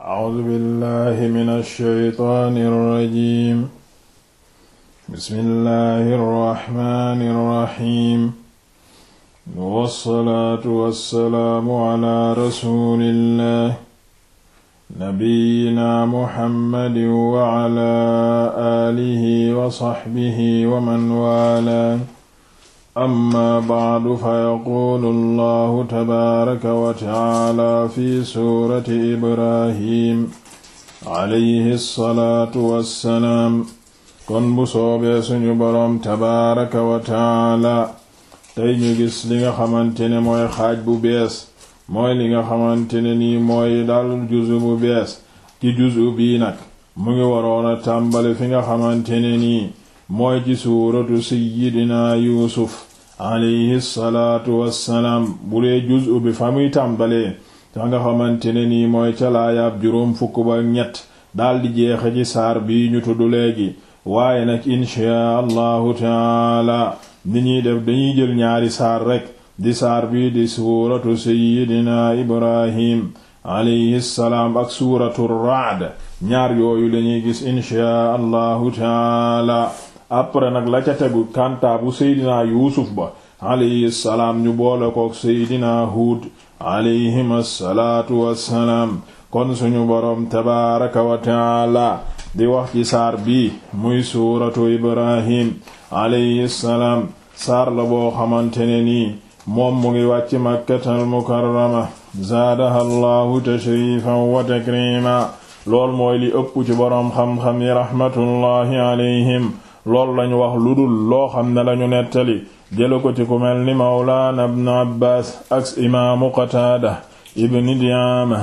A'uuzu billahi mina shaytaani rajiim. Bismillahi rahmaani rahiim. Wassalaatu wassalaamu ala rasuulillah. Nabiyyina Muhammadin wa ala aalihi wa sahbihi wa man waalaahu. amma bacdu fayaquulu allahu tabaaraka wa tacaala fi suurati ibrahim alayhi kon bu soobee suñu boroom tabaaraka wa tacaala tey ñu gis li nga xamante ne mooy xaaj bu bees mooy li nga xamante ne nii mooy dal juzu bu bees ci juzu bii nag mu ngi waroon a fi nga xamante ne nii mooy ci suuratu sayyidina Yuusuf alayhi salaatu wassalaam bu dee juzu bi fa muy tàmbalee ca nga xamante ne nii mooy ca laayaab juróom fukk ba ñett daldi jeexe ci saar bi ñu tudd léegi waaye nag inchaa allahu taala ni ñuy def dañuy jël ñaari saar rekk di saar bi di suuratu seyyidina ibrahim alayhi salaam ak suuratu raad ñaar yooyu lañuy gis inchaa allahu taala après nag la ca tegu kàntaa bu seydinaa yuusuf ba alayhi salaam ñu boole ko seydinaa huud alayhim assalaatu wassalaam kon suñu borom tabaaraka wa taala di wax ci saar bi muy suuratu ibrahim alayhi salaam saar la boo xamante ne nii moom mu ngi wàcc makkatal mukarrama zaadaha allahu tashrifan wa takrima lool mooy li ëpp ci boroom xam-xam yi alayhim loolu lañu wax lu dul loo xam ne lañu nettali jëla ko ci ku mel ni mawlaana ibnu abbaas ak imaamu qataada ibni diyaama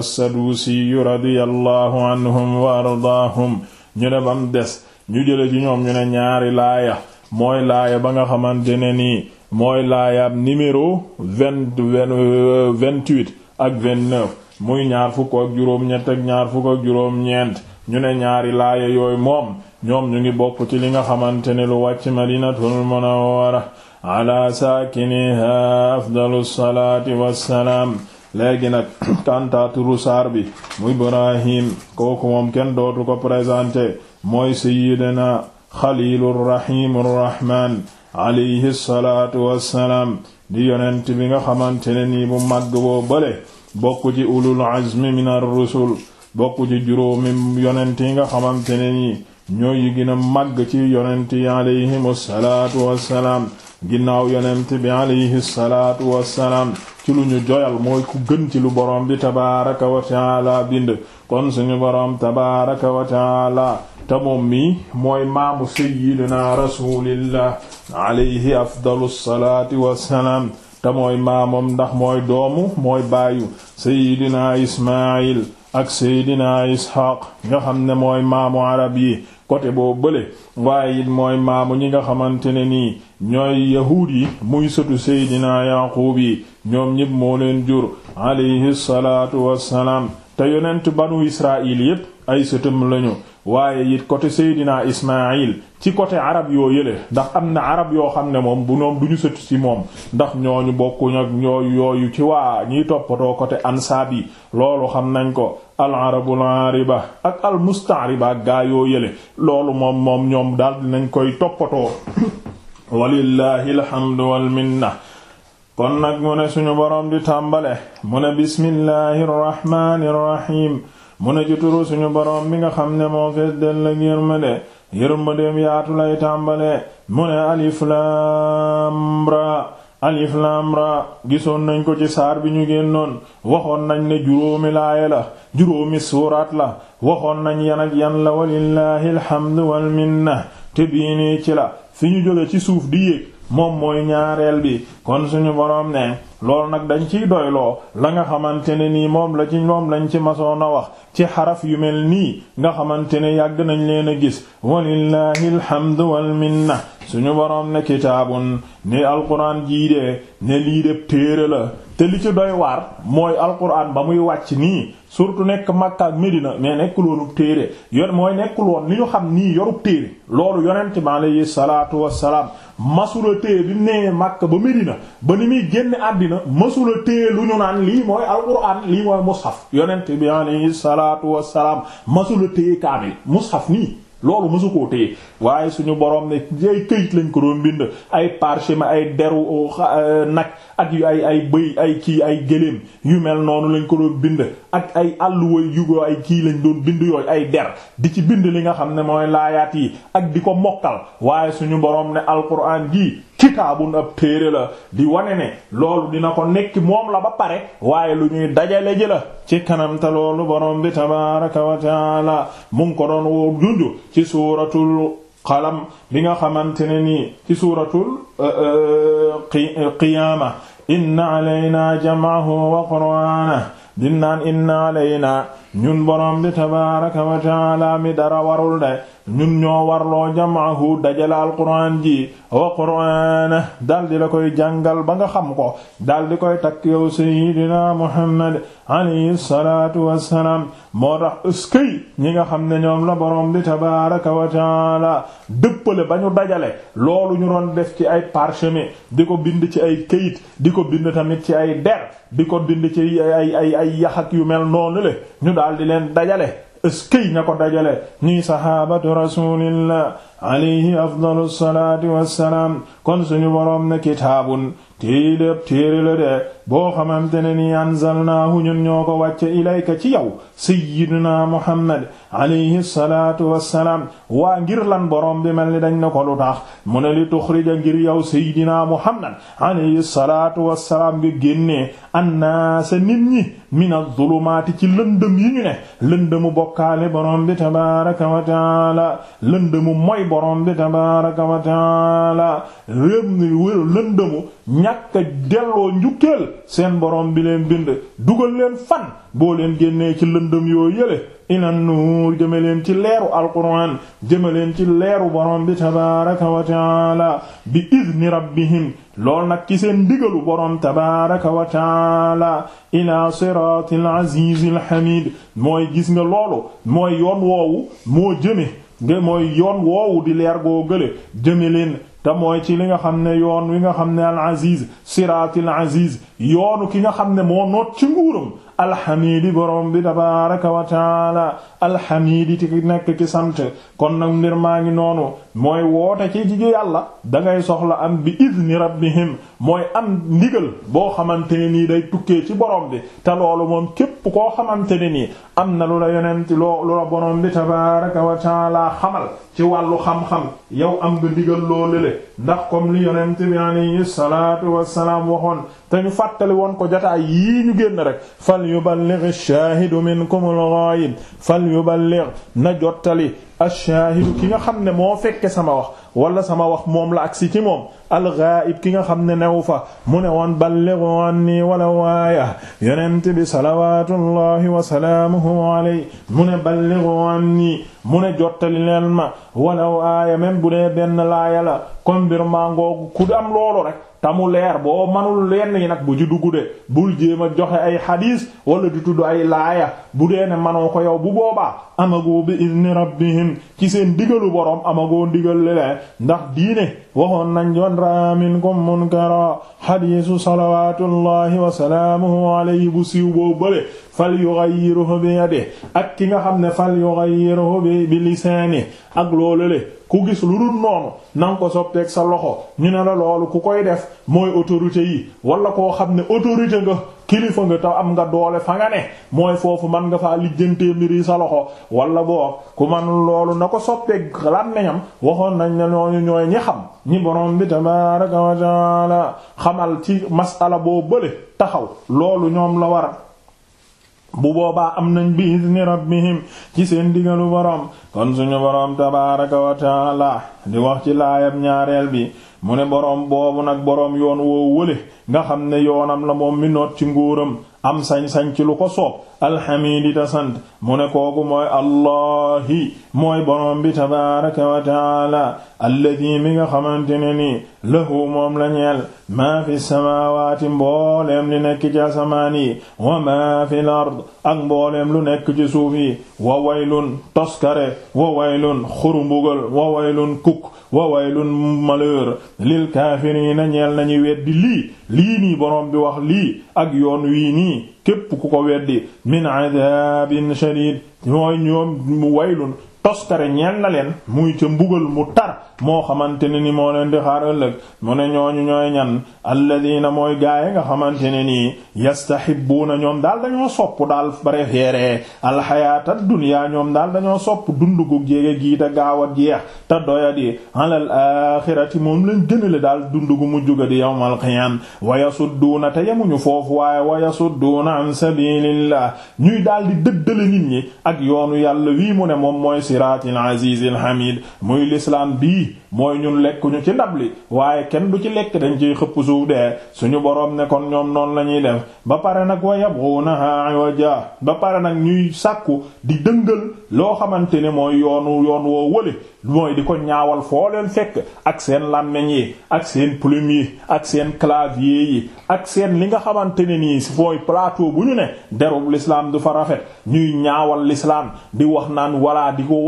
assaduusiyu radiyallahu anhum wa ardaahum ñu ne bam des ñu jële ci ñoom ñu ne ñaari laaya mooy laaya ba nga xamante ne nii mooy laayaab numéro vingt vingt ak vingt-neuf muy ñaar fukk ak juróom-ñett ñu ne ñaari laaya yooyu moom ñoom ñu ngi bokk ci li nga xamante ne lu wàcc madinatul munawwara ala saakiniha afdalu salaati wassalaam léegi nag kantaaturu saar bi mu ibrahim kooku moom kenn dootu ko présenté mooy sayyidina xalilu rahimu rahman alayhi salaatu wassalaam di yonent bi nga xamante ne nii bu màgg boo bale bokk ci ulul azmi min ar-rusul juróomi yonent yi nga xamante ne nii ñooy yi gën màgg ci yonent yi alayhim assalaatu wassalaam ginnaaw yonent bi alayhi salaatu wassalaam ci lu ñu joyal mooy ku gën ci lu boroom bi tabaaraka wa taala bind kon suñu borom tabaaraka wa taala te moom mi mooy maamu sayyidina rasulillah alayhi afdalu salaati wassalaam te mooy maamam ndax mooy doomu mooy baayu sayyidina ismaayil ak sayyidina isxaaq nga xam ne mooy maamu arab yi côté boo bële waaye it mooy maamu ñi nga xamante ne nii ñooy yahuud yi muy sëtu seydinaa yaqub yi ñoom ñëpp moo leen jur alayhi salaatu wassalaam te yonent banu israil yépp ay sëtam lañu waaye it côté Seydina Ismaïl ci côté arab yoo yële ndax am na arab yoo xam ne moom bu ñoom du ñu sëtu ci moom ndax ñooñu bokkuñ ak ñoo yooyu ci waa ñiy toppatoo côté ansaab yi loolu xam nañ ko al arabul ariba ak al mustaariba ak gaa yoo yële loolu moom moom ñoom daal nañ koy toppatoo walillahi alhamdu wal minna kon nag mu ne suñu boroom di tàmbale mu ne bismillahir rahmanir rahim mu ne ci turu suñu boroom mi nga xam ne moo fees del la yërmande yërmandeem yaatu lay tàmbale mu ne alif laam ra alif ra gisoon nañ ko ci saar bi ñu génnoon waxoon nañ ne juróomi laaya la juróomi suuraat la waxoon nañ yan ak yan la walillahi alhamdu wal minna te bii ci la fi ñu jóge ci suuf di yéeg moom mooy ñaareel bi kon suñu boroom ne loolu nag dañ ciy doyloo la nga xamante ne nii moom la ci moom lañ ci masoon a wax ci xaraf yu mel nii nga xamante ne yàgg nañ leen a gis walillahi alhamdu wal minna suñu boroom ne kitaabun ne alquran jii de ne lii de téere la te li ci doy waar mooy alquran ba muy wàcc nii surtout nekk Makka ak Medina mais nekkul woonub téere mooy nekkul woon li ñu xam nii yorub téere loolu yonent bi alayhi salaatu wassalaam masula téye bi nee Makka ba Medina ba ni muy génn àddina masula téye lu ñu naan lii mooy alquran lii mooy mushaf yonent bi alayhi salaatu wassalaam masula téye kaamil mushaf nii loolu mësu koo waaye suñu borom ne ay këyit lañ ko doon bind ay parchemin ay deru euh, euh, nag ak yu ay ay bëy ay kii ay gëléem yu mel noonu lañ ko doon bind ak ay àlluwa yugoo ay kii lañ doon bind yooyu ay der di ci bind li nga xam ne mooy laayaat yi ak di ko mokkal waaye suñu borom ne alquran gi kitaabun ab téere la di wane ne loolu dina ko nekk moom la ba pare waaye lu ñuy dajale ji la ci kanam te loolu borom bi tabaaraka wa taala ko doon woo junju ci suuratul qalam bi nga xamante ne nii ci suuratul euh, euh, euh, qiyaama inna alaynaa jam'ahu wa qur'aanahu dinaan inna alaynaa ñun borom bi tabaaraka wa mi dara warul de ñun ñoo warloo jamaahu dajale alquran ji wa qur'ana daal di la koy jàngal ba nga xam ko daal di koy takk yow sayyidina muhammad alayhi salaatu wassalaam moo tax ëskëy ñi nga xam ne ñoom la borom di tabaaraka wa taala dëppale ba ñu dajale loolu ñu doon def ci ay parchemin di ko bind ci ay këyit di ko bind tamit ci ay der di ko bind ci ay ay ay yu mel noonu le ñu daal di leen dajale eskey ña ko dajale ñuy sahabatu rasulillah alayhi afdalu salaatu wassalaam kon suñu boroom ne kitaabun téyi lépp la de boo xamante ne nii anzalnaahu ñun ñoo ko wàcce ilayka ci yow sayyidina muhammad alayhi salaatu wassalaam waa ngir lan borom bi mel ni dañ na ko lu tax mu ne li tuxrija ngir yow sayyidina muhammad alayhi salaatu wassalaam nga génnee annaasa nit ñi min az-zulumaati ci lëndëm yi ñu ne lëndëmu bokkaale borom bi tabaaraka wa taala lëndëmu mooy borom bi tabaaraka wa taala ni wër lëndëmu ñàkk delloo njukkeel seen borom bi leen bind dugal leen fan boo leen génnee ci lëndëm yoo yële ila nuur jëme leen ci leeru alquran jëme leen ci leeru borom bi tabaraka wa taala bi idni rabbihim lool nag ci seen ndigalu borom tabaraka wa taala ila siratil azizil hamid mooy gis nga loolu mooy yoon woowu moo jëme mooy yoon woowu di leer goo gële jëme leen te mooy ci li nga xam ne yoon wi nga xam ne al aziz siraatil aziz yoonu ki nga xam ne moo noot ci nguuram alxamiidi borom bi tabaaraka wa taala alxamiidi ti nekk ki sant kon nag mbir maa ngi noonu mooy woote ci jigi yàlla dangay soxla am bi idni rabbihim mooy am ndigal boo xamante ne nii day tukkee ci borom bi te loolu moom képp koo xamante ne nii am na lu la yonent loo lu la borom bi tabaaraka wa xamal ci wàllu xam-xam yow am nga ndigal loolu le ndax comme li yonent bi alayhi salaatu wassalaam waxoon te ñu fàttali woon ko jotaay yii ñu génn rek fal yuballigh ash-shaahidu minkumul ghaayib yuballigh na jottali ash-shaahidu ki nga xam ne moo fekke sama wax wala sama wax moom la agsi ci moom al-ghaa'ib ki nga xam ne newu fa mu ne woon ballighu anni walaw aaya yonent bi salawaatullahi wa salaamuhu alayhi mu ne ballighu anni mu ne jottali leen ma walaw aaya bu dee benn laaya la kon bir maa ku am loolu rek tamu leer boo manul lenn yi nag bu ci dugg de bul jéem a joxe ay xadiis wala di tudd ay laaya bu dee ne manoo ko yow bu boobaa amagoo bi izni rabbihim ci seen digalu boroom amagoo digal leen ndax diine waxoon nañ doon raa minkum munkara hadiisu salawaatullahi wa salaamuhu alayhi bu siiw boo bële fal yughayyiruhu bi yadihi ak ki nga xam ne fal yughayyiruhu bi bi lisaanihi ak loolu le ku gis lu dul noonu na nga ko soppeek sa loxo ñu ne la loolu ku koy def mooy autorité yi walla koo xam ne autorité nga kilifa nga taw am nga doole fa nga ne mooy foofu man nga faa lijjantee mbiri sa loxo wala boo ku man loolu na ko soppeek làmmiñam waxoon nañ ne ñooñu ñooy ñi xam ñi borom bi tabaaraka wa taala xamal ci masala boo bële taxaw loolu ñoom la war bu boobaa am nañ bi izni rabbihim ci seen digalu borom kon suñu borom tabaaraka wa taala di wax ci laayam ñaareel bi mu ne boroom boobu nag boroom yoon woo wële nga xam ne yoonam la moom mi noot ci nguuram am sañ-sañ ci lu ko soob alxamiidi ta sant mu ne kooku mooy allahi mooy boroom bi tabaaraka wa taala alladi mi nga xamante ne nii lahu moom la ñeel maa fi samaawaati mbooleem li nekk ci asamaan yi wa maa fi lard ak mbooleem lu nekk ci suuf yi wa waylun toskare wa waylun xurumbugal wa waylun kuk mukk wa waylun malheur lil kaafiriina ñeel nañu weddi lii lii nii boroom bi wax lii ak yoon wii nii képp ku ko weddi min adabin shadid mooy ñoom waylun toskare ñeel na leen muy ca mbugal mu tar moo xamante ne ni moo leen di xaar ëllëg mu ne ñooñu ñooy ñan alladina mooy gaaye nga xamante ne nii yastahibuuna ñoom daal dañoo sopp daal préféré alxayaata dunya ñoom daal dañoo sopp dund gu jéege gii a jeex te doyadi alal axirati moom lañ gënale daal dund gu mujj ga di yawmal qiyaam wa yasudduuna te yemuñu foofu waaye wa yasudduuna an sabilillah ñuy daal di dëddale nit ñi ak yoonu yàlla wii mu ne siraatil azizil hamid muy l'islam bii mooy ñun lekkuñu ci ndab li waaye kenn du ci lekk dañ ci xëpp suuf dee suñu boroom nekkoon kon ñoom noonu la ñuy def ba pare nag wa yabghunaha iwaja ba pare nag ñuy sàkku di dëngal loo xamante ne mooy yoonu yoon woo wële mooy di ko ñaawal foo leen fekk ak seen làmmeñ yi ak seen plume yi ak seen clavier yi ak seen li nga xamante ne nii fooy plateau bu ñu ne derub l'islam du fa rafet ñuy ñaawal l'islam di wax naan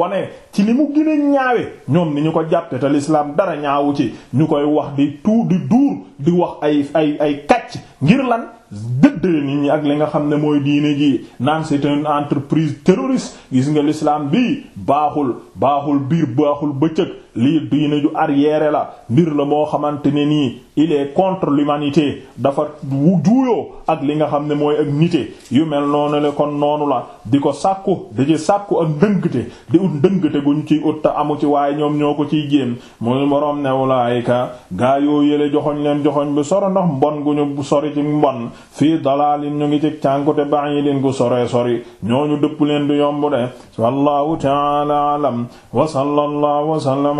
wane ci li mu gën a ñaawe ñoom ni ñu ko jàppe te lislaam dara ñaawu ci ñu koy wax di tuur di duur di wax ay ay ay kàcc ngir lan dëddale nit ñi ak li nga xam ne mooy diine gi naan c'est une entreprise terroriste gis nga lislaam bi baaxul baaxul biir baaxul bëccëg lii diine ju arrière la mbir la boo xamante ne nii il est contre l'humanité dafa wu juuyoo ak li nga xam ne mooy ak nite yu mel noonu le kon noonu la di ko sàkku di ci sàkku ak ndëngte di ut ndëngte guñ ci ut ta amu ci waaye ñoom ñoo ko ciy jéem mu boroom ne wulaayika gaa yoo yële joxoñ leen joxoñ soro ndax mbon gu ñu sori ci mbon fii dalaalin ñu ngi ci cànkute ba'idin gu soree sori ñooñu dëpp leen du yomb de wallahu ta'ala alam wa sallallahu wa sallam